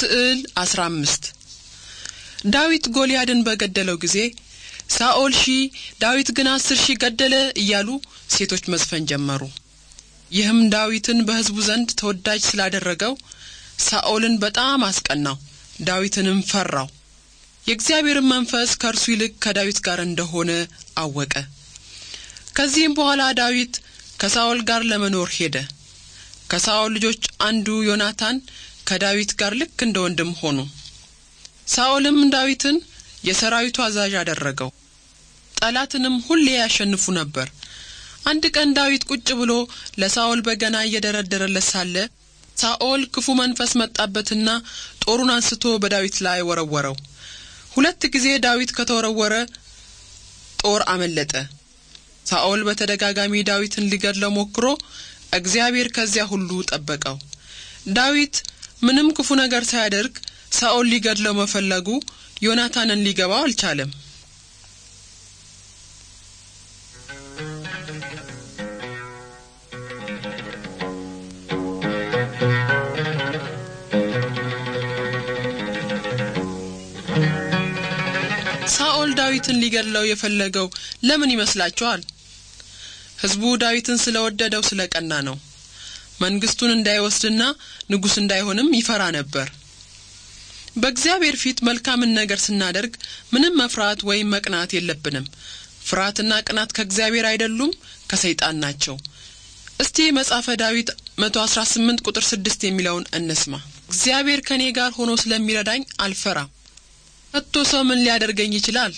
ስዕል 15 ዳዊት ጎልያድን በገደለው ጊዜ ሳኦል ሺ ዳዊት ግን አስር ሺ ገደለ እያሉ ሴቶች መዝፈን ጀመሩ። ይህም ዳዊትን በሕዝቡ ዘንድ ተወዳጅ ስላደረገው ሳኦልን በጣም አስቀናው፣ ዳዊትንም ፈራው። የእግዚአብሔርን መንፈስ ከእርሱ ይልቅ ከዳዊት ጋር እንደሆነ አወቀ። ከዚህም በኋላ ዳዊት ከሳኦል ጋር ለመኖር ሄደ። ከሳኦል ልጆች አንዱ ዮናታን ከዳዊት ጋር ልክ እንደ ወንድም ሆኑ። ሳኦልም ዳዊትን የሰራዊቱ አዛዥ አደረገው። ጠላትንም ሁሌ ያሸንፉ ነበር። አንድ ቀን ዳዊት ቁጭ ብሎ ለሳኦል በገና እየደረደረለት ሳለ ሳኦል ክፉ መንፈስ መጣበትና ጦሩን አንስቶ በዳዊት ላይ ወረወረው። ሁለት ጊዜ ዳዊት ከተወረወረ ጦር አመለጠ። ሳኦል በተደጋጋሚ ዳዊትን ሊገድለው ሞክሮ እግዚአብሔር ከዚያ ሁሉ ጠበቀው። ዳዊት ምንም ክፉ ነገር ሳያደርግ ሳኦል ሊገድለው መፈለጉ ዮናታንን ሊገባው አልቻለም። ሳኦል ዳዊትን ሊገድለው የፈለገው ለምን ይመስላችኋል? ሕዝቡ ዳዊትን ስለወደደው ስለቀና ነው። መንግስቱን እንዳይወስድና ንጉስ እንዳይሆንም ይፈራ ነበር። በእግዚአብሔር ፊት መልካምን ነገር ስናደርግ ምንም መፍራት ወይም መቅናት የለብንም። ፍርሃትና ቅናት ከእግዚአብሔር አይደሉም፣ ከሰይጣን ናቸው። እስቲ መጽሐፈ ዳዊት 118 ቁጥር 6 የሚለውን እንስማ። እግዚአብሔር ከእኔ ጋር ሆኖ ስለሚረዳኝ አልፈራም። ከቶ ሰው ምን ሊያደርገኝ ይችላል?